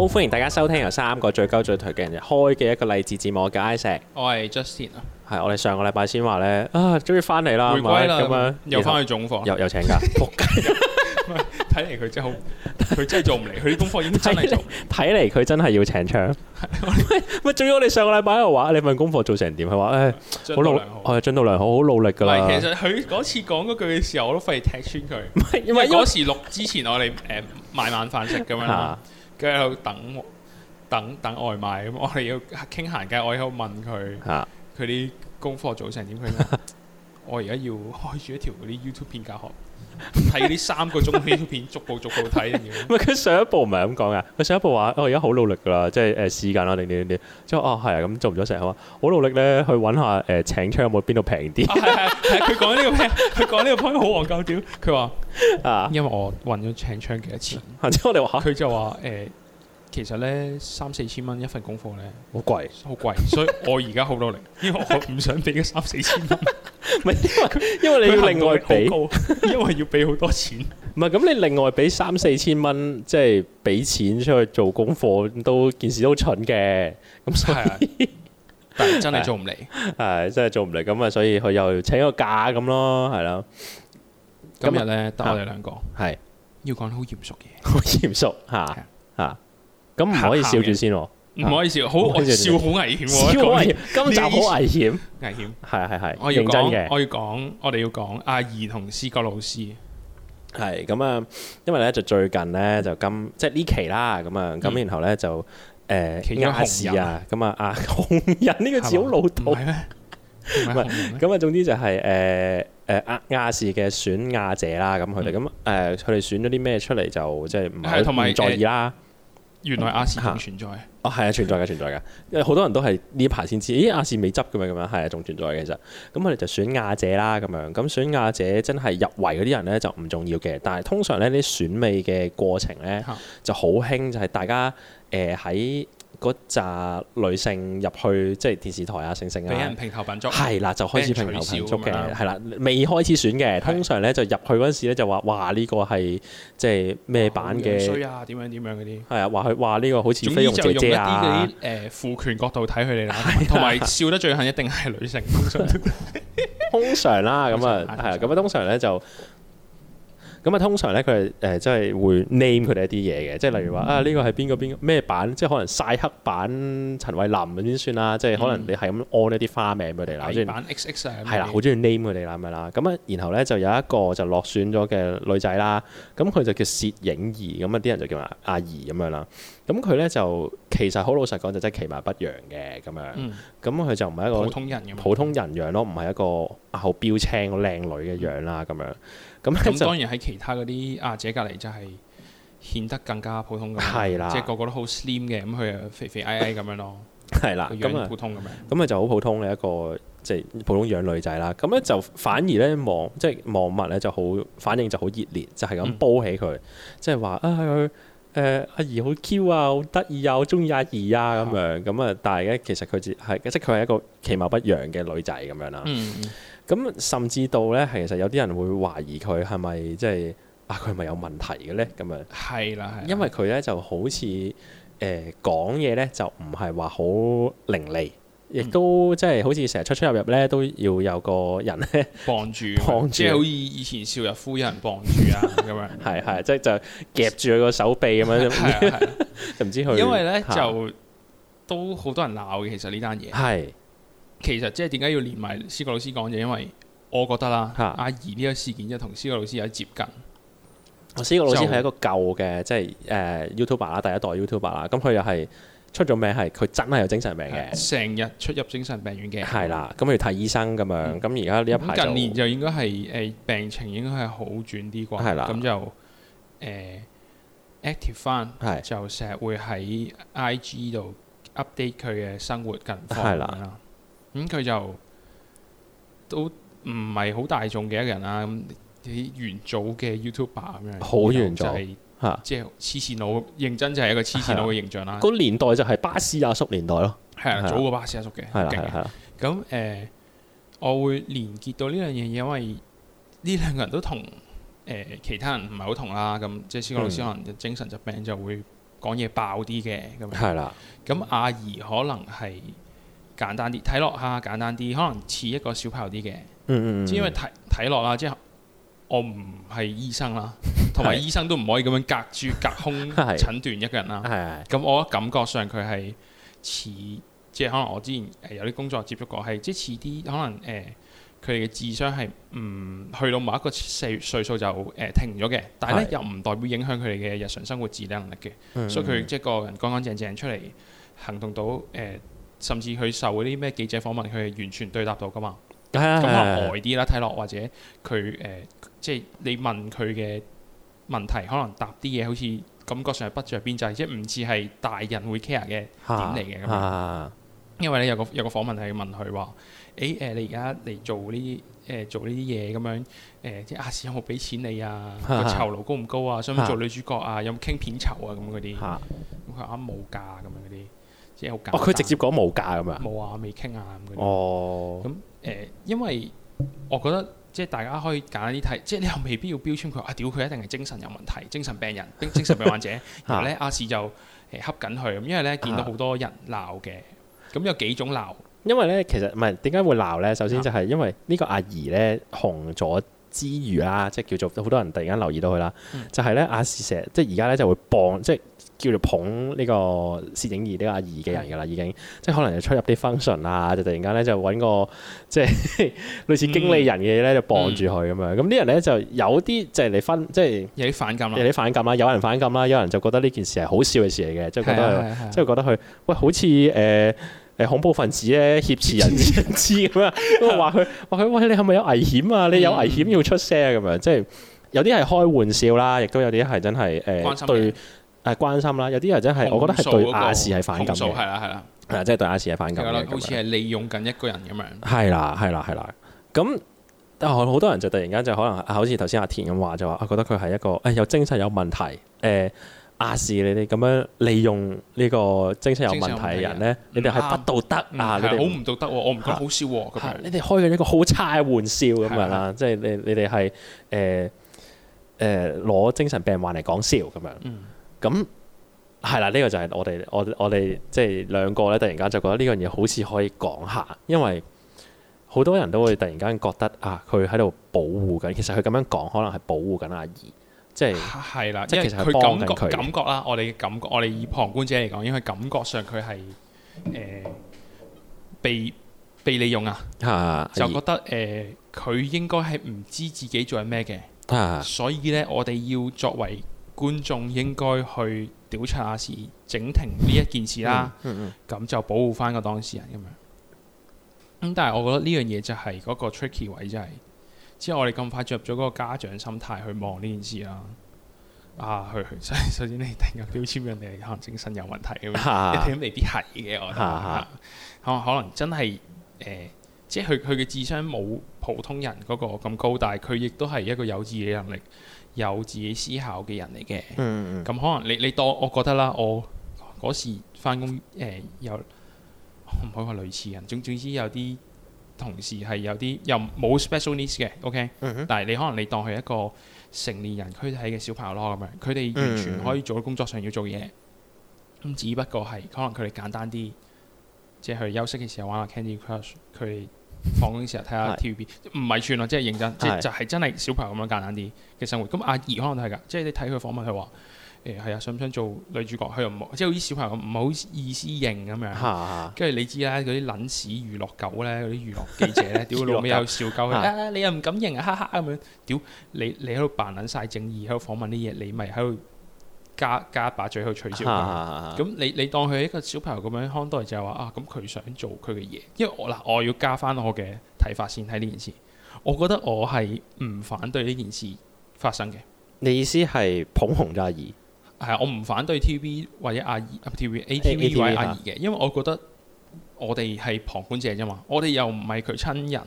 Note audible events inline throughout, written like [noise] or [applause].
好歡迎大家收聽由三個最高最頹嘅人開嘅一個勵志節目，我叫 Ice，我係 Justin 啊，係我哋上個禮拜先話咧啊，終於翻嚟啦，回歸啦咁樣，又翻去總課，又又請假仆街，睇嚟佢真好，佢真係做唔嚟，佢啲功課已經睇嚟做，睇嚟佢真係要請槍，喂喂，仲要我哋上個禮拜又話你份功課做成點？佢話誒好努力，我係進度良好，好努力噶啦，其實佢嗰次講嗰句嘅時候，我都費力踢穿佢，因為嗰時錄之前我哋誒買晚飯食咁樣。跟住喺度等等等外賣，咁，我哋要傾閒偈。我喺度問佢，佢啲功課做成點？佢，我而家要開住一條嗰啲 YouTube 片教學。睇 [laughs] 呢三個鐘片片，逐步逐步睇。咁佢上一部唔係咁講嘅，佢上一部話：我而家好努力噶啦，即係誒、呃、試緊啦，點點點。之後哦係咁做唔咗成，日啊！好、嗯啊、努力咧，去揾下誒、呃、請槍有冇邊度平啲？係係係，佢講呢個咩？佢講呢個 point 好 [laughs] 黃狗屌。佢話啊，因為我揾咗請槍幾多錢。之後我哋話佢就話誒。哎呃其實咧三四千蚊一份功課咧好貴，好貴，所以我而家好努力，因為我唔想俾咗三四千蚊，唔係因為你要另外俾，因為要俾好多錢。唔係咁，你另外俾三四千蚊，即係俾錢出去做功課，都件事都蠢嘅。咁所以，但係真係做唔嚟，係真係做唔嚟。咁啊，所以佢又請個假咁咯，係啦。今日咧得我哋兩個，係要講好嚴肅嘅嘢，好嚴肅吓吓。咁唔可以笑住先，唔可以笑，好笑好危險，笑好危險，今集好危險，危險係係係，我認真嘅，我要講，我哋要講亞儀同思覺老師，係咁啊，因為咧就最近咧就今即係呢期啦，咁啊咁然後咧就誒亞視啊，咁啊啊紅人呢個字好老土，唔係咁啊，總之就係誒誒亞亞視嘅選亞姐啦，咁佢哋咁誒佢哋選咗啲咩出嚟就即係唔好唔在意啦。原來亞視仲存在、嗯、啊！哦、啊，係啊，存在嘅，存在嘅。因為好多人都係呢排先知，咦？亞視未執嘅咩咁樣？係啊，仲存在嘅其實。咁我哋就選亞姐啦咁樣。咁選亞姐真係入圍嗰啲人咧就唔重要嘅，但係通常咧啲選美嘅過程咧就好興，就係大家誒喺。呃嗰扎女性入去即係電視台啊，剩剩啊，俾人評頭品足，係啦，就開始評頭品足嘅，係啦，未開始選嘅，通常咧就入去嗰時咧就話，哇，呢個係即係咩版嘅衰啊，點樣點樣嗰啲係啊，話佢話呢個好似飛鷹姐姐啊，總之就用一啲誒父權角度睇佢哋啦，同埋笑得最狠一定係女性，通常啦咁啊，係啊，咁啊，通常咧就。咁啊，通常咧佢係誒即係會 name 佢哋一啲嘢嘅，即係例如話啊，呢個係邊個邊咩版，即係可能曬黑版陳慧琳咁先算啦，即係可能你係咁 on 一啲花名俾佢哋啦，即係、嗯、版 XX 啊，係啦對，好中意 name 佢哋啦，係咪啦？咁啊對，然後咧就有一個就落選咗嘅女仔啦，咁佢就叫攝影兒，咁啊啲人就叫阿阿兒咁樣啦，咁佢咧就其實好老實講就真係其貌不揚嘅咁樣，咁佢就唔係一個普通人咁，嗯、普通人樣咯，唔係、嗯、一個好號標青個靚女嘅樣啦，咁樣。咁咁當然喺其他嗰啲阿姐隔離就係顯得更加普通咁，的即係個個都好 slim 嘅，咁佢又肥肥矮矮咁樣咯，係啦，咁啊，咁啊就好普通嘅麼、嗯、一個即係、就是、普通養女仔啦。咁咧就反而咧網，即係望物咧就好反應就好熱烈，就係、是、咁煲起佢，即係話啊誒亞儀好 Q 啊，好得意啊，好中意亞儀啊咁樣。咁啊、嗯，但係咧其實佢只即係佢係一個其貌不揚嘅女仔咁樣啦。嗯嗯咁甚至到咧，其實有啲人會懷疑佢係咪即係啊，佢係咪有問題嘅咧？咁樣，係啦，係，因為佢咧就好似誒講嘢咧，就唔係話好伶俐，亦都即係好似成日出出入入咧，都要有個人咧傍住，即係、就係、好似以前少日夫有夫人傍住啊咁樣，係係，即係就係、夾住佢個手臂咁樣，就唔 [laughs] 知佢，因為咧、啊、就都好多人鬧嘅，其實呢單嘢係。其實即係點解要連埋思覺老師講就因為我覺得啦，亞儀呢個事件即係同思覺老師有接近。思覺、啊、以老師係一個舊嘅，即係誒 YouTuber 啦，呃、YouTuber，第一代 YouTuber 啦、啊。咁佢又係出咗名，係佢真係有精神病嘅，成、啊、日出入精神病院嘅，係啦。咁佢要睇醫生咁樣。咁而家呢一排、嗯、近年就應該係誒、啊、病情應該係好轉啲啩。係啦的，咁就誒、呃、active 翻，係就成日會喺 IG 度 update 佢嘅生活近況啦。的的咁佢就都唔係好大眾嘅一個人啦，咁啲元祖嘅 YouTuber 咁樣，好元祖，即係黐線佬，認真就係一個黐線佬嘅形象啦。個年代就係巴士阿叔年代咯，係啊，早過巴士阿叔嘅，係啦，咁誒，我會連結到呢兩樣嘢，因為呢兩個人都同誒其他人唔係好同啦。咁即係思覺老師可能精神疾病就會講嘢爆啲嘅，咁樣係啦。咁亞儀可能係。簡單啲睇落下簡單啲，可能似一個小朋友啲嘅，只、嗯嗯、因為睇睇落啦，即係、就是、我唔係醫生啦，同埋 [laughs] 醫生都唔可以咁樣隔住隔空診斷一個人啦。咁、嗯嗯嗯、我感覺上佢係似，即、就、係、是、可能我之前有啲工作接觸過，係即似啲可能誒佢哋嘅智商係唔去到某一個歲，歲數就誒、呃、停咗嘅，但係咧是又唔代表影響佢哋嘅日常生活自理能力嘅，嗯、所以佢即係個人乾乾淨淨出嚟行動到誒。呃呃甚至佢受嗰啲咩記者訪問，佢係完全對答到噶嘛？咁啊呆啲啦，睇落或者佢誒，即、呃、係、即係、你問佢嘅問題，可能答啲嘢好似感覺上係不着邊際，即係唔似係大人會 care 嘅點嚟嘅咁，因為咧有個有個訪問係問佢話：誒、欸、誒、呃，你而家嚟做呢啲誒做呢啲嘢咁樣誒？即係亞視有冇俾錢你啊？個酬勞高唔高啊？想唔想做女主角啊？有冇傾片酬啊？咁嗰啲咁佢啱冇價咁樣嗰啲。哦，佢直接講冇價咁樣。冇啊，未傾啊咁哦。咁誒，因為我覺得即係大家可以揀啲睇。即係你又未必要標籤佢啊！屌佢一定係精神有問題，精神病人、精神病患者。 [laughs] 然後咧， [laughs] 阿視就誒恰緊佢，因為咧見到好多人鬧嘅。咁、啊、有幾種鬧？因為咧，其實唔係點解會鬧咧？首先就係因為呢個亞儀咧紅咗之餘啦，即係叫做好多人突然間留意到佢啦。 [laughs] 就係咧，阿視成日即係而家咧就會幫即係。叫做捧呢個攝影兒呢、呢個亞儀嘅人嘅啦，已經即係可能就出入啲 function 啊，就突然間咧就揾個即係類似經理人嘅嘢咧就傍住佢咁樣。咁啲人咧就有啲即係嚟分，即係有啲反感啦、啊，有啲反感啦、啊，有人反感啦、啊，有人就覺得呢件事係好笑嘅事嚟嘅，即係即係覺得佢、 [laughs] 啊、喂好似誒誒恐怖分子咧挾持人質咁啊，話佢話佢喂你係咪有危險啊？你有危險要出聲咁樣，即係有啲係開玩笑啦，亦都有啲係真係誒對。關心 [laughs] 係關心啦，有啲人真係我覺得係對亞視係反感嘅，係啦係啦，即係對亞視係反感好似係利用緊一個人咁樣。係啦係啦係啦。咁但好多人就突然間就可能好似頭先阿田咁話就話啊，覺得佢係一個誒、欸、有精神有問題，誒亞視你哋咁樣利用呢個精神有問題嘅人咧，你哋係不道德啊，係好唔道德喎、啊。我唔覺得好笑喎、啊。你哋開緊一個好差嘅玩笑咁樣啦，即係的你你哋係誒誒攞精神病患嚟講笑咁樣。的咁係啦，呢、這個就係我哋我我哋即係兩個咧，突然間就覺得呢樣嘢好似可以講下，因為好多人都會突然間覺得啊，佢喺度保護緊，其實佢咁樣講可能係保護緊亞儀，即係係啦，的即係其實佢感覺感覺啦，我哋嘅感覺我哋以旁觀者嚟講，因為感覺上佢係誒被被利用啊，啊就覺得誒佢、呃、應該係唔知自己做緊咩嘅，啊、所以咧我哋要作為。觀眾應該去調查下事，整停呢一件事啦，咁 [laughs] 就保護翻個當事人咁樣。咁但係我覺得呢樣嘢就係嗰個 tricky 位就係、是，之後我哋咁快著咗嗰個家長心態去望呢件事啦。啊，去去所以首先你定個標籤人哋可能精神有問題咁樣， [laughs] 你未必嚟係嘅我覺得。嚇嚇，可可能真係誒。呃即係佢佢嘅智商冇普通人嗰個咁高，但係佢亦都係一個有自己能力、有自己思考嘅人嚟嘅。咁、mm hmm. 可能你你當我覺得啦，我嗰時翻工誒有唔好話類似人，總總之有啲同事係有啲又冇 special needs 嘅。OK，、mm hmm. 但係你可能你當佢一個成年人，軀體嘅小朋友咯咁樣，佢哋完全可以做到工作上要做嘢。咁只不過係可能佢哋簡單啲，即係佢哋休息嘅時候玩下 Candy Crush，佢哋。放工時啊，睇下 TVB，唔係串咯，即係認真，是即係就係真係小朋友咁樣簡單啲嘅生活。咁阿儀可能都係㗎，即係你睇佢訪問，佢話誒係啊，想唔想做女主角？佢又唔，即係好似小朋友唔好意思認咁樣。跟住、啊、你知啦、啊，嗰啲撚屎娛樂狗咧，嗰啲娛樂記者咧，屌老味又笑鳩佢，你又唔敢認啊，哈哈咁樣。屌你你喺度扮撚晒正義喺度訪問啲嘢，你咪喺度。加加一把嘴去取消咁、啊啊、你你當佢一個小朋友咁樣看待，就係話啊，咁佢想做佢嘅嘢，因為我嗱，我要加翻我嘅睇法先睇呢件事，我覺得我係唔反對呢件事發生嘅。你意思係捧紅咗亞儀？係我唔反對 TV 或者亞儀 TV ATV 亞儀嘅，因為我覺得我哋係旁觀者啫嘛，我哋又唔係佢親人，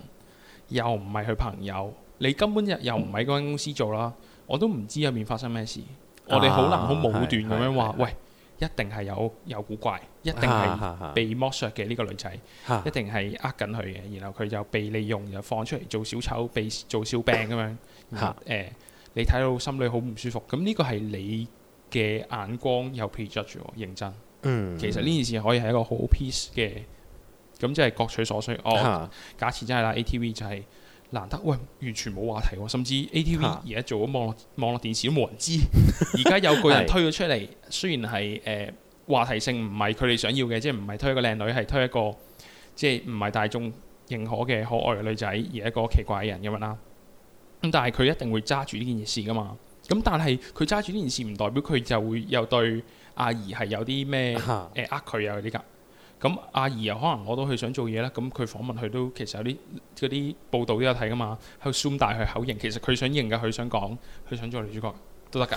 又唔係佢朋友，你根本又又唔喺嗰間公司做啦，嗯、我都唔知入面發生咩事。我哋好難好武斷咁樣話，喂，一定係有有古怪，一定係被剝削嘅呢、這個女仔，一定係呃緊佢嘅，然後佢就被利用，又放出嚟做小丑、做笑柄咁樣。嚇，誒、呃，你睇到心裏好唔舒服。咁呢個係你嘅眼光有偏執喎，認真。其實呢件事可以係一個好 peace 嘅，咁即係各取所需。哦，假設真係啦，ATV 就係、是。難得喂，完全冇話題喎、哦，甚至 ATV 而家做咗網絡網絡電視都冇人知，而家、啊、有個人推咗出嚟， [laughs] 是雖然係誒、呃、話題性唔係佢哋想要嘅，即係唔係推一個靚女，係推一個即係唔係大眾認可嘅可愛嘅女仔，而係一個奇怪嘅人咁樣啦。咁但係佢一定會揸住呢件事噶嘛。咁但係佢揸住呢件事，唔代表佢就會有對亞儀係有啲咩誒呃佢啊嗰啲㗎。呃咁亞儀又可能我都去想做嘢啦。咁佢訪問佢都其實有啲啲報導都有睇㗎嘛，去 zoom 大佢口型，其實佢想認嘅，佢想講，佢想做女主角都得㗎。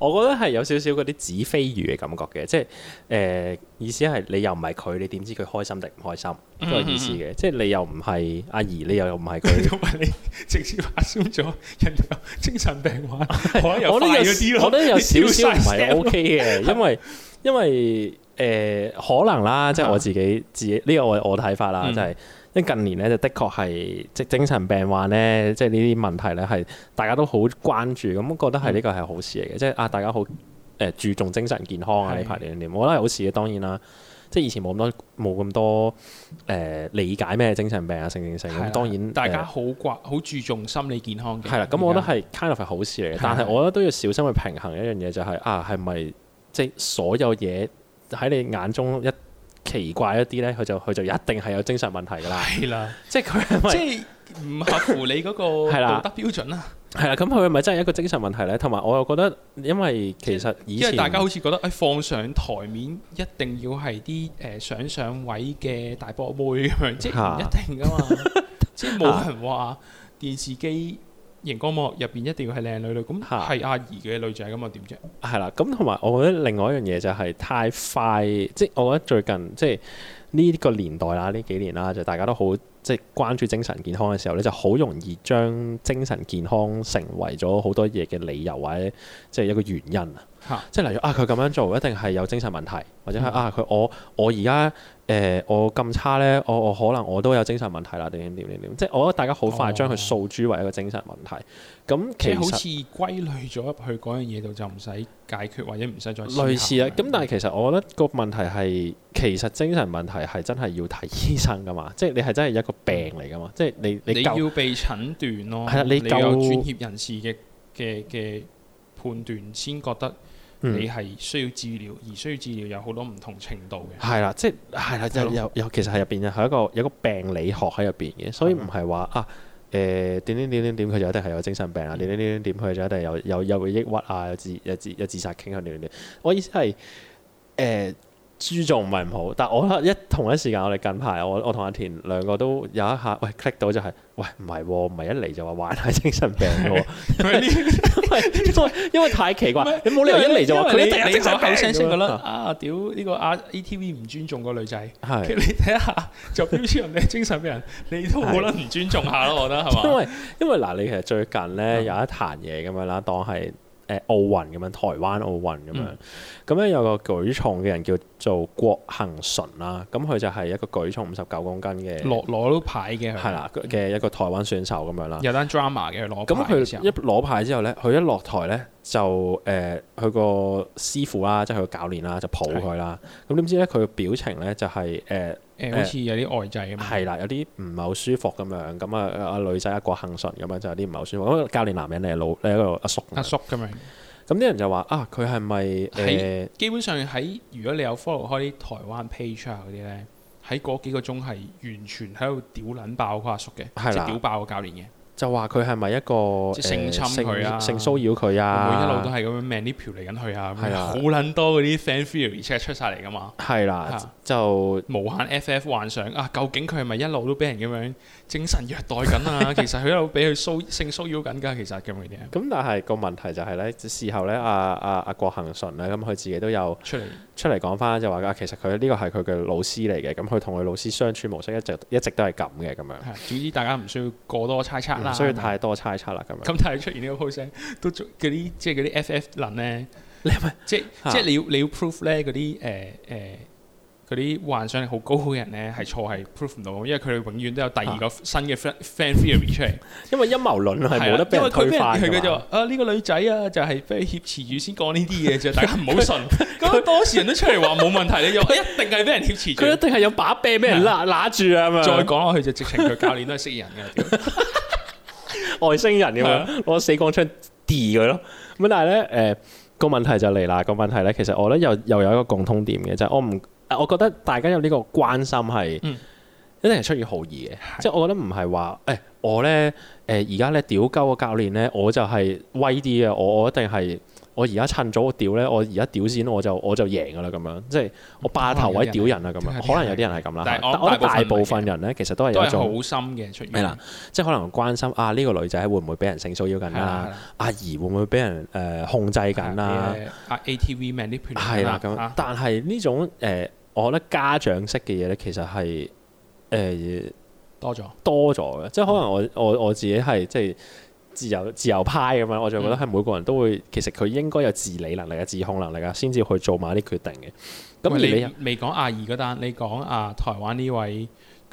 我覺得係有少少嗰啲子非魚嘅感覺嘅，即係誒意思係你又唔係佢，你點知佢開心定唔開心？都有意思嘅，即係你又唔係亞儀，你又又唔係佢，同埋你直接發生咗，人有精神病患，我覺得有啲，我覺得有少少唔係 OK 嘅，因為因為。誒可能啦，即係我自己自己呢個我我睇法啦，就係因近年咧就的確係即精神病患咧，即係呢啲問題咧係大家都好關注，咁覺得係呢個係好事嚟嘅，即係啊大家好誒注重精神健康啊呢排點年我覺得好事嘅。當然啦，即係以前冇咁多冇咁多誒理解咩精神病啊成成成，咁當然大家好掛好注重心理健康嘅係啦，咁我覺得係 kind of 係好事嚟嘅，但係我覺得都要小心去平衡一樣嘢就係啊係咪即係所有嘢？喺你眼中一奇怪一啲呢，佢就佢就一定係有精神問題噶啦。係啦，即係佢即係唔合乎你嗰個道德標準啦。係啦 [laughs] 的，咁佢係咪真係一個精神問題呢？同埋我又覺得，因為其實以前，大家好似覺得誒、哎、放上台面一定要係啲誒想上位嘅大波妹咁樣， [laughs] 即係唔一定噶嘛。 [laughs] 即係冇人話電視機。熒光幕入邊一定要係靚女女，咁係亞儀嘅女仔咁啊？點啫？係啦，咁同埋我覺得另外一樣嘢就係太快，即係我覺得最近即係呢個年代啦，呢幾年啦，就大家都好即係關注精神健康嘅時候咧，就好容易將精神健康成為咗好多嘢嘅理由或者即係一個原因啊。即係例如啊，佢咁樣做一定係有精神問題，或者係、嗯、啊，佢我我而家誒我咁差咧，我我、呃、我，我，我可能我都有精神問題啦，定點點點點，即係我覺得大家好快將佢訴諸為一個精神問題。咁、哦、其實好似歸類咗入去嗰樣嘢度，就唔使解決，或者唔使再類似啊，咁但係其實我覺得個問題係其實精神問題係真係要睇醫生噶嘛，即係你係真係一個病嚟噶嘛，即係你你，你要被診斷咯，係啦，你，你要有專業人士嘅嘅嘅判斷先覺得。嗯、你係需要治療，而需要治療有好多唔同程度嘅。係 [noise] 啦，即係啦，又又其實係入邊係一個有個病理學喺入邊嘅，所以唔係話啊誒點點點點點佢就一定係有精神病啊，點點點點點佢就一定有有有抑鬱啊，自有自有自有自殺傾向點點我意思係誒。呃尊重唔係唔好，但係我覺得一同一時間，我哋近排我我同阿田兩個都有一下喂 click 到就係喂唔係喎，唔係一嚟就話患係精神病喎，因為因為太奇怪，你冇理由一嚟就話佢一定係口有聲色㗎啦，啊屌呢個啊 ATV 唔尊重個女仔，你睇下就標籤人哋精神病人，你都冇得唔尊重下咯，我覺得係嘛？因為因為嗱，你其實最近咧有一壇嘢咁樣啦，當係。誒奧運咁樣，台灣奧運咁樣，咁咧、嗯、有個舉重嘅人叫做郭婞淳啦，咁佢就係一個舉重五十九公斤嘅，攞攞到牌嘅，係啦嘅一個台灣選手咁樣啦。有單 drama 嘅攞牌，咁佢一攞牌之後咧，佢一落台咧就誒，佢、呃、個師傅啦，即係佢個教練啦，就抱佢啦。咁點是知咧，佢表情咧就係、是、誒。呃欸、好似有啲外滯咁樣，係啦，有啲唔係好舒服咁樣，咁啊啊女仔一個幸順咁樣，就有啲唔係好舒服。咁教練男人你係老，你係一個阿叔。阿叔咁樣，咁啲、啊、人就話啊，佢係咪誒？基本上喺如果你有 follow 開啲台灣 page 啊嗰啲咧，喺嗰幾個鐘係完全喺度屌撚爆個阿叔嘅，即係屌爆個教練嘅。就話佢係咪一個侵、呃、性侵佢啊、性騷擾佢啊，佢一路都係咁樣 manipulate 嚟緊去啊，好撚、啊、多嗰啲 fan feel 而且出晒嚟噶嘛，係啦、啊，啊、就無限 FF 幻想啊，究竟佢係咪一路都俾人咁樣？精神虐待緊啊！其實佢有俾佢騷性騷擾緊㗎，其實咁嘅咁但係個問題就係、是、咧，事後咧，阿阿阿郭恒順咧，咁佢自己都有出嚟出嚟講翻，就話啊，其實佢呢個係佢嘅老師嚟嘅，咁佢同佢老師相處模式一直一直都係咁嘅咁樣。總之大家唔需要過多猜測啦。唔、嗯、需要太多猜測啦，咁的、嗯、樣。咁但係出現呢個 pose 都嗰啲即係嗰啲 FF 論咧，你唔係即即係你要你要 proof 咧嗰啲誒誒。嗰啲幻想力好高嘅人咧，係錯，係 prove 唔到，因為佢哋永遠都有第二個新嘅 fan theory 出嚟。因為陰謀論係冇得俾人推翻嘅。佢就話：啊，呢個女仔啊，就係被挾持住先講呢啲嘢啫，大家唔好信。咁當時人都出嚟話冇問題，你一定係俾人挾持。佢一定係有把柄俾人拿住啊嘛。再講落去就直情佢教練都係識人嘅，外星人咁樣攞死光槍 D 佢咯。咁但係咧，誒個問題就嚟啦。個問題咧，其實我咧又又有一個共通點嘅，就係我唔。我覺得大家有呢個關心係，一定係出於好意嘅。即係我覺得唔係話，誒我咧，誒而家咧屌鳩個教練咧，我就係威啲嘅。我我一定係，我而家趁早屌咧，我而家屌先，我就我就贏噶啦咁樣。即係我霸頭位屌人啦咁樣。可能有啲人係咁啦，但係我大部分人咧，其實都係有種好心嘅出現啦。即係可能關心啊呢個女仔會唔會俾人性騷擾緊啦？阿怡會唔會俾人誒控制緊啦？ATV manipulator 係啦咁。但係呢種誒。我覺得家長式嘅嘢咧，其實係誒、呃、多咗了多咗嘅，即係可能我我我自己係即係自由自由派咁樣，我就覺得係每個人都會、嗯、其實佢應該有自理能力啊、自控能力啊，先至去做埋啲決定嘅。咁喂比你未講阿二嗰單，你講啊台灣呢位。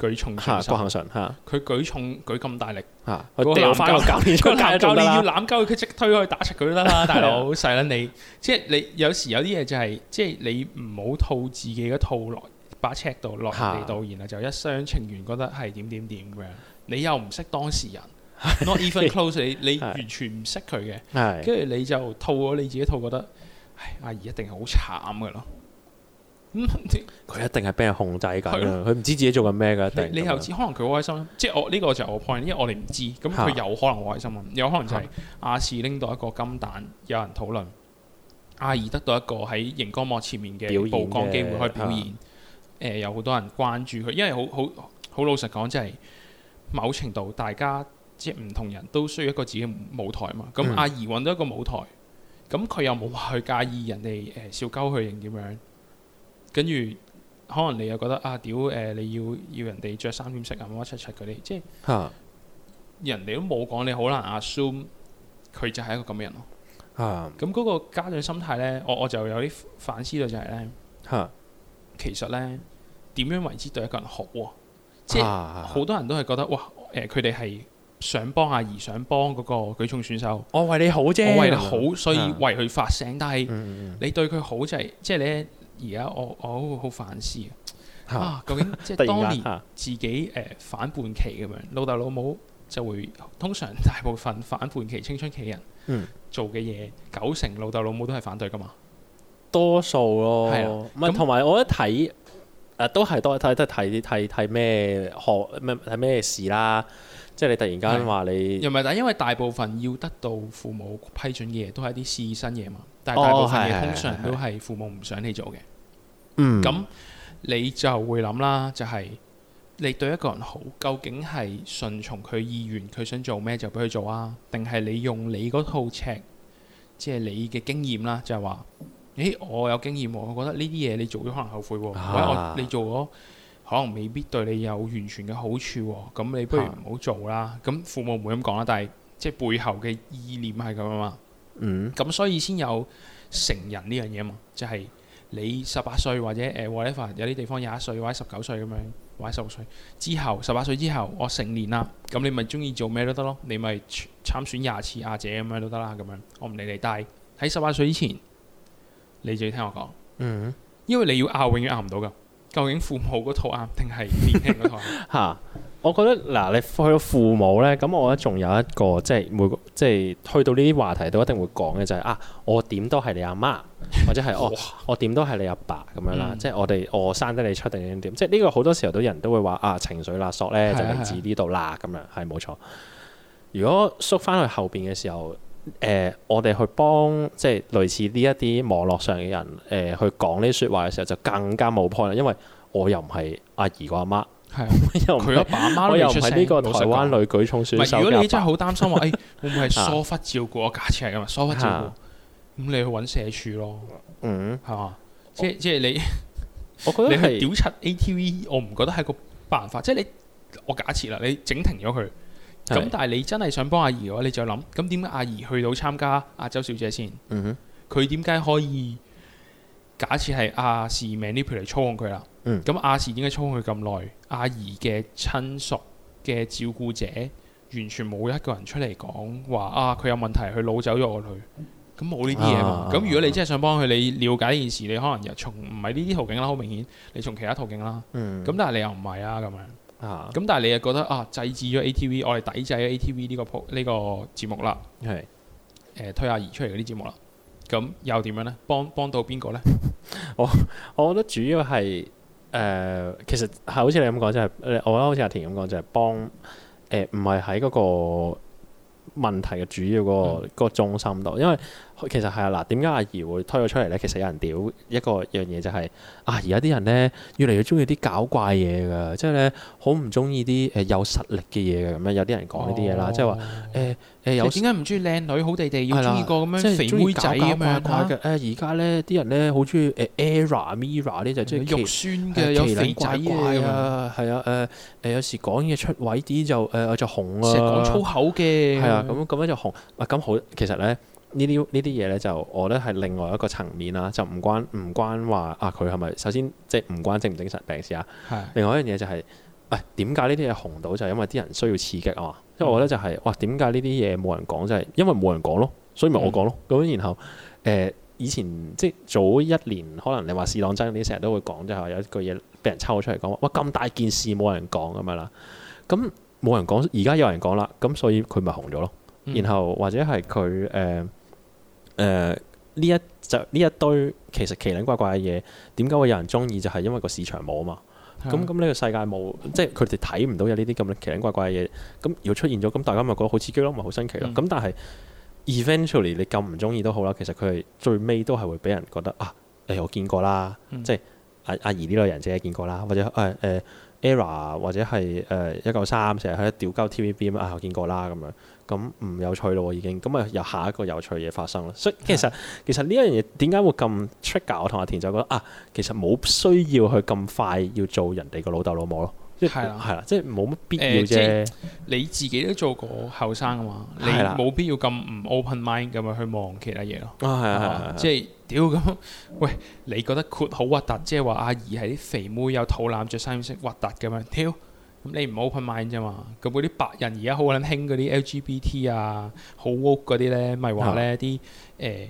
舉重，郭幸順，佢舉重舉咁大力，佢攬鳩教練，教練要攬鳩佢，佢即推開打出佢都得啦， [laughs] 大佬。細佬，即你即係你有時有啲嘢就係、是，即係你唔好套自己嘅套落，把尺度落人哋度，然後就一廂情願，覺得係點點點咁樣，怎樣，怎樣。你又唔識當事人 [laughs] ，not even close，你你完全唔識佢嘅，跟住 [laughs] 的你就套咗你自己套，覺得，唉，亞儀一定係好慘嘅咯。佢、嗯、一定係俾人控制噶，佢唔知自己做緊咩噶。一定你又知？可能佢好開心，即係我呢、這個就係我 point，因為我哋唔知。咁佢有可能好開心，啊、有可能就係亞視拎到一個金蛋，有人討論。亞儀、啊、得到一個喺熒光幕前面嘅曝光機會，去表演。誒、啊呃，有好多人關注佢，因為好好好老實講，即係某程度大家即係唔同人都需要一個自己舞台嘛。咁亞儀搵到一個舞台，咁佢、嗯、又冇話去介意人哋誒、呃、笑鳩佢定點樣。跟住，可能你又覺得啊屌誒，你要要人哋着三點式啊，乜乜柒柒嗰啲，即係人哋都冇講，你好難 assume 佢就係一個咁嘅人咯。嚇！咁嗰個家長心態呢，我我就有啲反思到就係呢。嚇，其實呢，點樣為之對一個人好啊？即係好多人都係覺得哇誒，佢哋係想幫亞儀，想幫嗰個舉重選手，我為你好啫，我為你好，所以為佢發聲。但係你對佢好就係即係咧。而家我我好好反思啊！究竟即係當年自己誒反叛期咁樣，老豆老母就會通常大部分反叛期青春期人做嘅嘢，九成老豆老母都係反對㗎嘛？多數咯，同埋我一睇都係多睇都係睇睇睇咩學咩睇咩事啦。即係你突然間話你又唔係，但因為大部分要得到父母批准嘅嘢，都係一啲試新嘢嘛。但係大部分通常都係父母唔想你做嘅。咁、嗯、你就會諗啦，就係、是、你對一個人好，究竟係順從佢意願，佢想做咩就俾佢做啊？定係你用你嗰套尺，即係你嘅經驗啦，就係、是、話，誒，我有經驗喎，我覺得呢啲嘢你做咗可能後悔喎、啊啊，你做咗可能未必對你有完全嘅好處喎、啊，咁你不如唔好做啦。咁父母唔會咁講啦，但係即係背後嘅意念係咁啊嘛。嗯。咁所以先有成人呢樣嘢嘛，就係、是。你十八歲或者誒，或者有啲地方廿一歲，或者十九歲咁樣，或者十六歲之後，十八歲之後，我成年啦。咁你咪中意做咩都得咯，你咪參選廿次亞姐咁樣都得啦。咁樣我唔理你，但係喺十八歲之前，你就要聽我講。嗯，因為你要拗，永遠拗唔到噶。究竟父母嗰套拗定係年輕嗰套啱？ [laughs] [laughs] 我覺得嗱，你去到父母咧，咁我覺得仲有一個，即係每即係去到呢啲話題都一定會講嘅，就係、是、啊，我點都係你阿媽，媽，或者係、 [laughs] 哦、我爸爸、嗯、我點都係你阿爸咁樣啦。即係我哋我生得你出定點點，即係呢個好多時候都人都會話啊情緒勒索咧就嚟自呢度啦咁樣，係冇錯。如果縮翻去後邊嘅時候，誒、呃、我哋去幫即係類似呢一啲網絡上嘅人誒、呃、去講呢説話嘅時候，就更加冇 point 啦，因為我又唔係亞儀個阿媽。係，佢阿爸阿媽都出聲。我又係呢個台灣女舉重選手。唔係，如果你真係好擔心話，誒，會唔會係疏忽照顧？我假設係咁啊，疏忽照顧，咁你去揾社署咯。嗯，係嘛？即係即係你，我覺得你去屌柒 ATV，我唔覺得係個辦法。即係你，我假設啦，你整停咗佢，咁但係你真係想幫亞儀嘅話，你就諗，咁點解亞儀去到參加亞洲小姐先？佢點解可以？假設係阿時命呢條嚟，操控佢啦。咁亞視應該冲佢咁耐，亞儀嘅親屬嘅照顧者完全冇一個人出嚟講話啊，佢有問題，佢腦走咗佢，咁冇呢啲嘢嘛。咁、啊、如果你真係想幫佢，你了解呢件事，你可能又從唔係呢啲途徑啦，好明顯，你從其他途徑啦。咁、嗯、但係你又唔係啊咁樣。咁、啊、但係你又覺得啊，制止咗 ATV，我哋抵制 ATV 呢、這個 p 呢、這個節目啦。係是。誒、呃，推亞儀出嚟嗰啲節目啦。咁又點樣呢？幫幫到邊個呢？ [laughs] 我我覺得主要係。誒，其實係好似你咁講，即係我覺得好似阿田咁講，就係幫誒，唔係喺嗰個問題嘅主要嗰個個，嗯，中心度，因為。其實係啊，嗱，點解亞儀會推咗出嚟咧？其實有人屌一個樣嘢，就係、是、啊，而家啲人咧越嚟越中意啲搞怪嘢㗎，即係咧好唔中意啲誒有實力嘅嘢嘅咁樣。有啲人講呢啲嘢啦，即係話誒誒又點解唔中意靚女好地地要中意個咁樣肥妹仔咁樣啊？誒而家咧啲人咧好中意誒 era Mirror 呢，就中意肉酸嘅、啊啊、有肥仔怪啊，係啊誒誒、啊、有時講嘢出位啲就我、啊、就紅啊，成日講粗口嘅係啊，咁咁樣就紅咁、啊、好其實咧。呢啲呢啲嘢咧，就我覺得係另外一個層面啦，就唔關唔關話啊，佢係咪首先即係唔關精唔精神病事啊？的另外一樣嘢就係、是，喂點解呢啲嘢紅到就係、是、因為啲人需要刺激啊嘛？因為我覺得就係哇，點解呢啲嘢冇人講，就係因為冇人講咯，所以咪我講咯咁。嗯、然後誒、呃，以前即係早一年，可能你話試當真你成日都會講，就係話有一句嘢俾人抽出嚟講，哇咁大件事冇人講咁樣啦，咁冇人講，而家有人講啦，咁所以佢咪紅咗咯。然後或者係佢誒。呃嗯誒呢、呃、一就呢一堆其實奇靈怪怪嘅嘢，點解會有人中意？就係、是、因為個市場冇啊嘛。咁咁呢個世界冇，即係佢哋睇唔到有呢啲咁奇靈怪怪嘅嘢。咁如果出現咗，咁大家咪覺得好刺激咯，咪好新奇咯。咁、嗯、但係 eventually 你咁唔中意都好啦，其實佢係最尾都係會俾人覺得啊，誒、哎、我見過啦，嗯、即係阿阿儀呢類人者見過啦，或者誒誒、啊呃、era 或者係誒一九三成日喺度吊鳩 TVB 啊，我見過啦咁樣。咁唔有趣咯，已經咁啊！由下一個有趣嘢發生咯。所以其實其實呢一樣嘢點解會咁 trigger？我同阿田就覺得啊，其實冇需要去咁快要做人哋個老豆老母咯。係啦，係啦是的、嗯，即係冇乜必要啫、呃。你自己都做過後生啊嘛，你冇必要咁唔 open mind 咁樣去望其他嘢咯。啊，啊，係啊，即係屌咁喂，你覺得佢好核突？即係話亞儀係啲肥妹，又肚腩着三式核突咁樣屌。咁你唔 open mind 咋嘛？咁嗰啲白人而家好捻興嗰啲 LGBT 啊，好 woke 嗰啲咧，咪話咧啲誒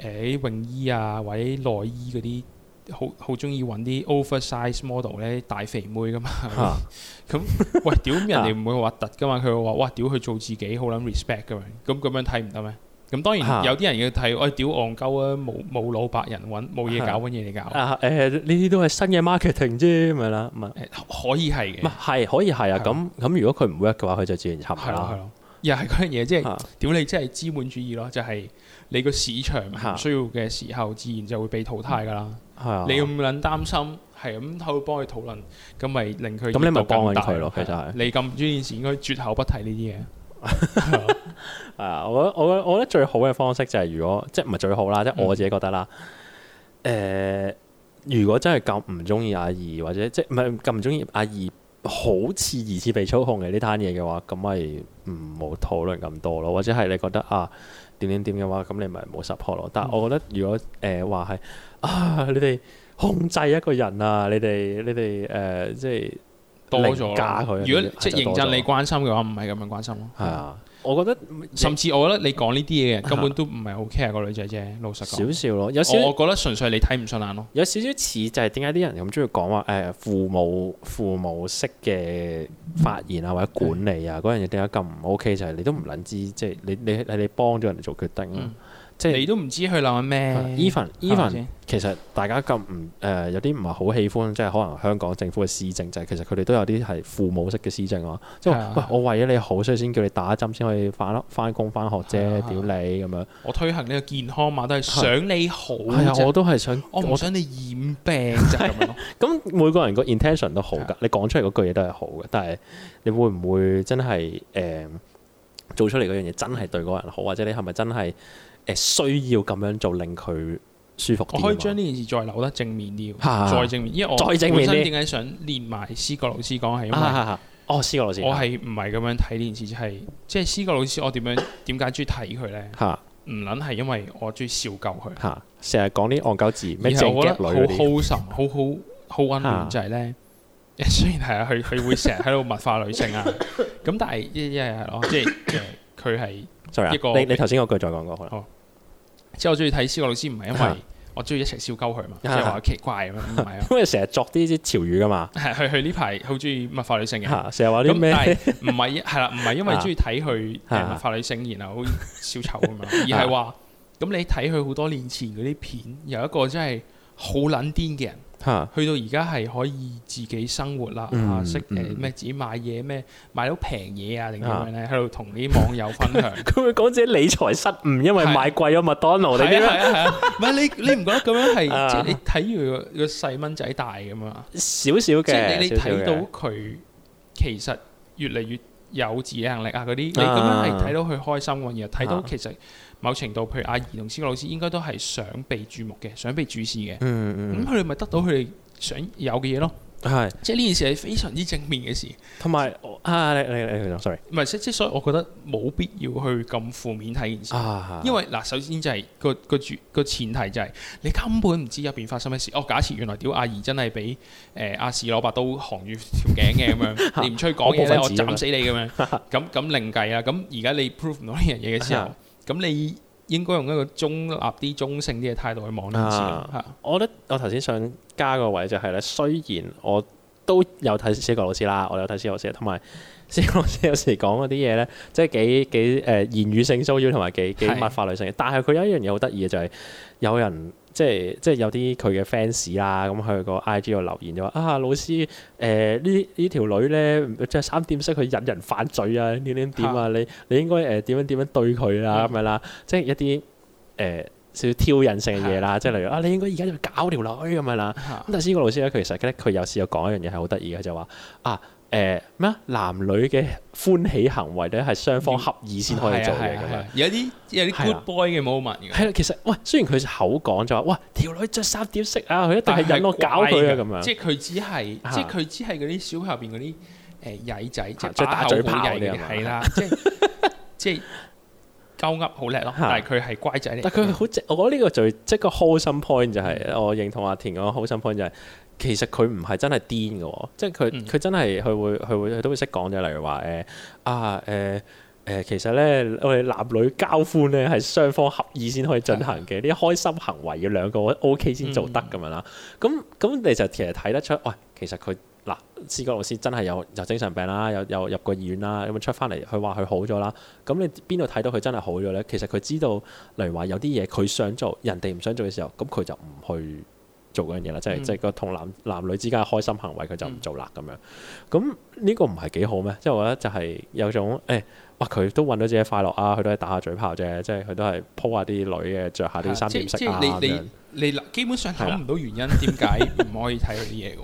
誒泳衣啊或者內衣嗰啲，好好中意揾啲 oversize model 咧，大肥妹噶嘛？咁、啊 [laughs] 嗯、喂屌人，人哋唔會核突噶嘛？佢會話，哇屌，佢做自己好捻 respect 噶嘛，咁咁樣睇唔得咩？咁當然有啲人要睇，我屌戇鳩啊！冇冇老白人揾冇嘢搞，揾嘢嚟搞。啊誒，呢啲都係新嘅 marketing 啫，咪啦，咪可以係嘅。咪可以係啊！咁咁，如果佢唔 work 嘅話，佢就自然沉啦。係咯係咯，又係嗰樣嘢，即係點你即係資本主義咯，就係你個市場唔需要嘅時候，自然就會被淘汰噶啦。你要唔撚擔心？係咁，我幫佢討論，咁咪令佢咁你咪幫佢咯。其實係你咁專件事應該絕口不提呢啲嘢。係啊，我我 [laughs] 我覺得最好嘅方式就係，如果即係唔係最好啦，即係、嗯、我自己覺得啦。誒、呃，如果真係咁唔中意亞儀，或者即係唔係咁唔中意亞儀，好似疑似被操控嘅呢攤嘢嘅話，咁咪唔好討論咁多咯。或者係你覺得啊點點點嘅話，咁你咪唔好 support 咯。但係我覺得如果誒話係啊，你哋控制一個人啊，你哋你哋誒、呃、即係。多咗如果些即係認真你關心嘅話，唔係咁樣關心咯。係啊，我覺得甚至我覺得你講呢啲嘢嘅根本都唔係好 care 個女仔啫，老實講少少咯。有少少我覺得純粹你睇唔順眼咯。有少少似就係點解啲人咁中意講話誒父母父母式嘅發言啊或者管理啊嗰樣嘢點解咁唔 OK 就係你都唔撚知，即、就、係、是、你你係你，你幫咗人哋做決定。嗯即係你都唔知佢諗緊咩？Even，Even，其實大家咁唔誒，有啲唔係好喜歡，即係可能香港政府嘅施政就係其實佢哋都有啲係父母式嘅施政啊！即係喂，我為咗你好，所以先叫你打針先可以翻翻工翻學啫，屌你咁樣！我推行呢個健康碼，都係想你好。我都係想，我想你染病就係咁樣咯。咁每個人個 intention 都好噶，你講出嚟嗰句嘢都係好嘅，但係你會唔會真係誒做出嚟嗰樣嘢真係對嗰個人好，或者你係咪真係？誒需要咁樣做令佢舒服。我可以將呢件事再留得正面啲， [laughs] 再正面，因為我本身點解想連埋思覺老師講係因為，哦思覺老師，我係唔係咁樣睇呢件事？就係即係思覺老師我，我點樣點解中意睇佢咧？嚇， [coughs] 唔撚係因為我中意笑夠佢，嚇，成日講啲戇鳩字咩正劇類嗰啲。然後我覺得好好心，好好好溫暖就呢，就係咧，誒 [coughs] 雖然係啊，佢佢會成日喺度物化女性啊，咁 [coughs] 但係一係係咯，即係佢係。呢 Sorry, 個你你頭先嗰句再講過好啦。之後、哦、我中意睇思覺老師唔係因為我中意一齊燒鳩佢嘛，一係話奇怪咁樣，唔係啊。因為成日作啲啲潮語噶嘛。係佢佢呢排好中意物化女性嘅，成日話啲咩？唔係係啦，唔係因為中意睇佢物化女性，然後好小丑咁樣，而係話咁你睇佢好多年前嗰啲片，有一個真係好撚癲嘅人。去到而家係可以自己生活啦，識誒咩自己買嘢咩，買到平嘢啊，定點樣咧？喺度同啲網友分享，佢會講自己理財失誤，因為買貴咗麥當勞是你咩？係啊係啊！唔係你你唔覺得咁樣係即係你睇住個細蚊仔大咁樣？少少嘅，即係你睇到佢其實越嚟越有自己能力啊嗰啲，嗯、你咁樣係睇到佢開心嘅，而睇到其實。嗯某程度，譬如亞儀同思覺老師，應該都係想被注目嘅，想被注視嘅。咁佢哋咪得到佢哋想有嘅嘢咯。係，即係呢件事係非常之正面嘅事。同埋，啊，啊，你你你，sorry，唔係，即即所以，我覺得冇必要去咁負面睇件事。因為嗱，首先就係個個主個前提就係、是、你根本唔知入邊發生咩事。哦，假設原來屌亞儀真係俾誒阿士攞把刀行住條頸嘅咁樣， [laughs] 你唔出去講嘢 [laughs] 我斬分死你咁樣。咁咁 [laughs] 另計啦。咁而家你 prove 唔到呢樣嘢嘅時候。 [laughs] 咁你應該用一個中立啲、中性啲嘅態度去望呢件事。我覺得我頭先想加個位就係咧，雖然我都有睇思覺老師啦，我有睇思覺老師，同埋思覺老師有時講嗰啲嘢咧，即係幾幾誒言語性騷擾同埋幾幾密法律性嘅，是但係佢有一樣嘢好得意嘅就係有人。即係即係有啲佢嘅 fans 啦，咁喺個 IG 度留言就話，啊老師，誒呢呢條女咧即係三點式佢引人犯罪啊點點點啊你你應該誒點、呃、樣點樣對佢啊咁樣啦，即係、嗯、一啲誒、呃、少少挑釁性嘅嘢啦，嗯、即係例如啊你應該而家要搞條女咁樣啦。咁、嗯、但係呢個老師咧佢其實咧佢有試有講一樣嘢係好得意嘅就話啊。誒咩啊？男女嘅歡喜行為咧，係雙方合意先可以做嘅咁樣。有啲有啲 good boy 嘅 moment。係啦、啊，其實喂，雖然佢口講就話，哇，條女着衫點識樣啊？佢一定係引我搞佢啊咁樣。即係佢只係，即係佢只係嗰啲小入邊嗰啲誒曳仔，即係、啊、打嘴炮嘅。係啦、啊 [laughs] 啊，即係即係鳩噏好叻咯，但係佢係乖仔但佢好直，嗯、我覺得呢個就即係個 wholesome point 就係、是嗯、我認同阿田講 wholesome point 就係、是。嗯嗯其實佢唔係真係癲嘅，即係佢佢真係佢會佢會佢都會識講嘅。例如話誒、哎、啊誒誒、呃呃，其實咧我哋男女交歡咧係雙方合意先可以進行嘅。啲、嗯、開心行為要兩個我 O K 先做得咁樣啦。咁咁你就其實睇得出，喂，其實佢嗱思覺老師真係有有精神病啦，有有入過醫院啦，咁、嗯、出翻嚟佢話佢好咗啦。咁你邊度睇到佢真係好咗咧？其實佢知道，例如話有啲嘢佢想做，人哋唔想做嘅時候，咁佢就唔去。做嗰樣嘢啦，即係即係個同男男女之間嘅開心行為，佢就唔做啦咁樣。咁呢個唔係幾好咩？即係我覺得就係有種誒、哎，哇！佢都揾到自己快樂啊，佢都係打下嘴炮啫，即係佢都係 po 下啲女嘅着下啲衫點飾啊，你樣你，你基本上諗唔到原因，點解唔可以睇佢啲嘢嘅？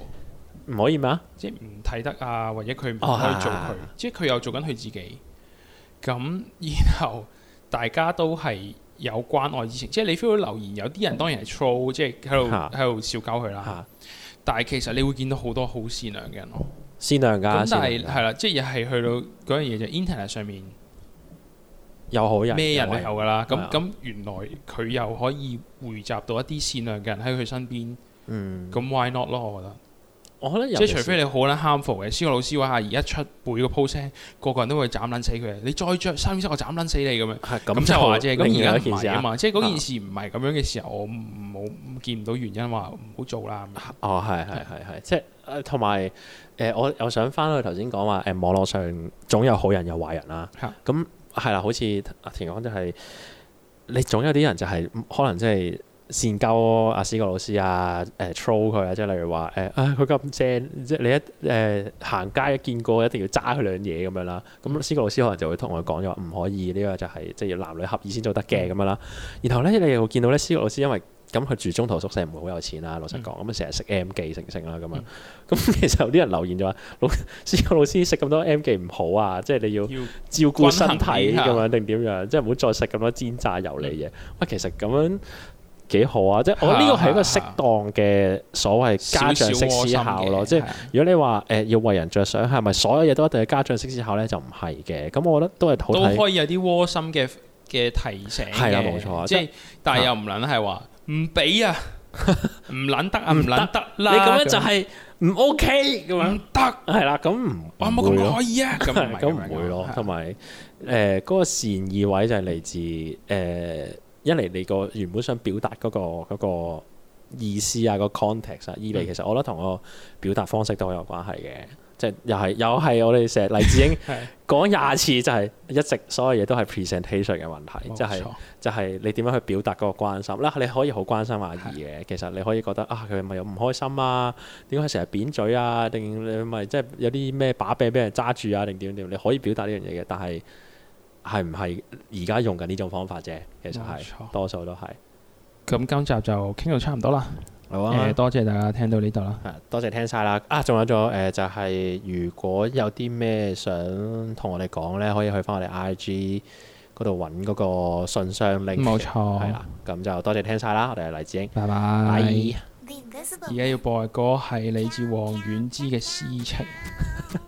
唔 [laughs] 可以咩？即係唔睇得啊，或者佢唔可以做佢？哦、即係佢又做緊佢自己。咁然後大家都係。有關愛之情，即係你會留言，有啲人當然係 troll 即係喺度喺度笑鳩佢啦。啊、但係其實你會見到好多好善良嘅人咯，善良㗎、啊。咁但係啦、啊，即係又係去到嗰樣嘢就 internet 上面有好人咩人都有㗎啦。咁咁那原來佢又可以匯集到一啲善良嘅人喺佢身邊。咁、嗯、why not 咯？我覺得。我覺得即係除非你好撚難克服嘅，思覺老師話：而家出背個 pose，個個人都會斬撚死佢。你再着，三點七，我斬撚死你咁、啊、樣。係咁就話，即係另一件事啊嘛。即係嗰件事唔係咁樣嘅時候，我冇見唔到原因話唔好做啦哦，係係係係，即係同埋誒，我又想翻去頭先講話誒，網絡上總有好人有壞人啦。係咁係啦，好似阿田講就係、是、你總有啲人就係、是、可能即、就、係、是。善教阿思覺老師啊，誒 throw 佢啊，即係例如話誒，啊佢咁正，即係你一誒行、呃、街一見過，一定要揸佢兩嘢咁樣啦。咁思覺老師可能就會同我講就話，唔可以呢、這個就係即係要男女合意先做得嘅咁樣啦。然後咧，你又會見到咧，思覺老師因為咁佢住中途宿舍，唔會好有錢啦，老實講。咁啊成日食 M 記成性啦咁啊。咁其實有啲人留言就話，老，思覺老師食咁多 M 記唔好啊，即係你要照顧身體咁樣定點樣？即係唔好再食咁多煎炸油膩嘢。喂、嗯嗯，其實咁樣。嗯幾好啊！即係我呢個係一個適當嘅所謂家長式思考咯。 [laughs] 少少即係如果你話誒、呃、要為人着想，係咪所有嘢都一定係家長式思考咧？就唔係嘅。咁我覺得都係都可以有啲窩心嘅嘅提醒。係啊，冇錯。即係但係又唔撚係話唔俾啊，唔撚、啊、得啊，唔撚得啦。 [laughs] 你咁樣就係唔 OK 咁樣得係啦。咁唔可以啊。咁唔係咁會咯。同埋誒嗰個善意位就係嚟自誒。呃一嚟你個原本想表達嗰、嗰個嗰個意思啊，個 context 啊，二嚟其實我覺得同個表達方式都好有關係嘅，即係、嗯就是、又係又係我哋成日黎智英 [laughs] 講廿次就係一直所有嘢都係 presentation 嘅問題，即係錯就係、是就是、你點樣去表達嗰個關心啦？你可以好關心亞儀嘅，其實你可以覺得啊，佢咪有唔開心啊？點解成日扁嘴啊？定你咪即係有啲咩把柄俾人揸住啊？定點點？你可以表達呢樣嘢嘅，但係，係唔係而家用緊呢種方法啫？其實係，錯多數都係。咁今集就傾到差唔多啦。係啊、呃。多謝大家聽到呢度啦。係，多謝聽晒啦。啊，仲有咗誒、呃，就係、是、如果有啲咩想同我哋講咧，可以去翻我哋 I G 嗰度搵嗰個信箱令錯。冇錯。係啦，咁就多謝聽晒啦。我哋係勵志鷹，拜拜。而家 Bye. 要播嘅歌係嚟自王菀之嘅《詩情。》 [laughs]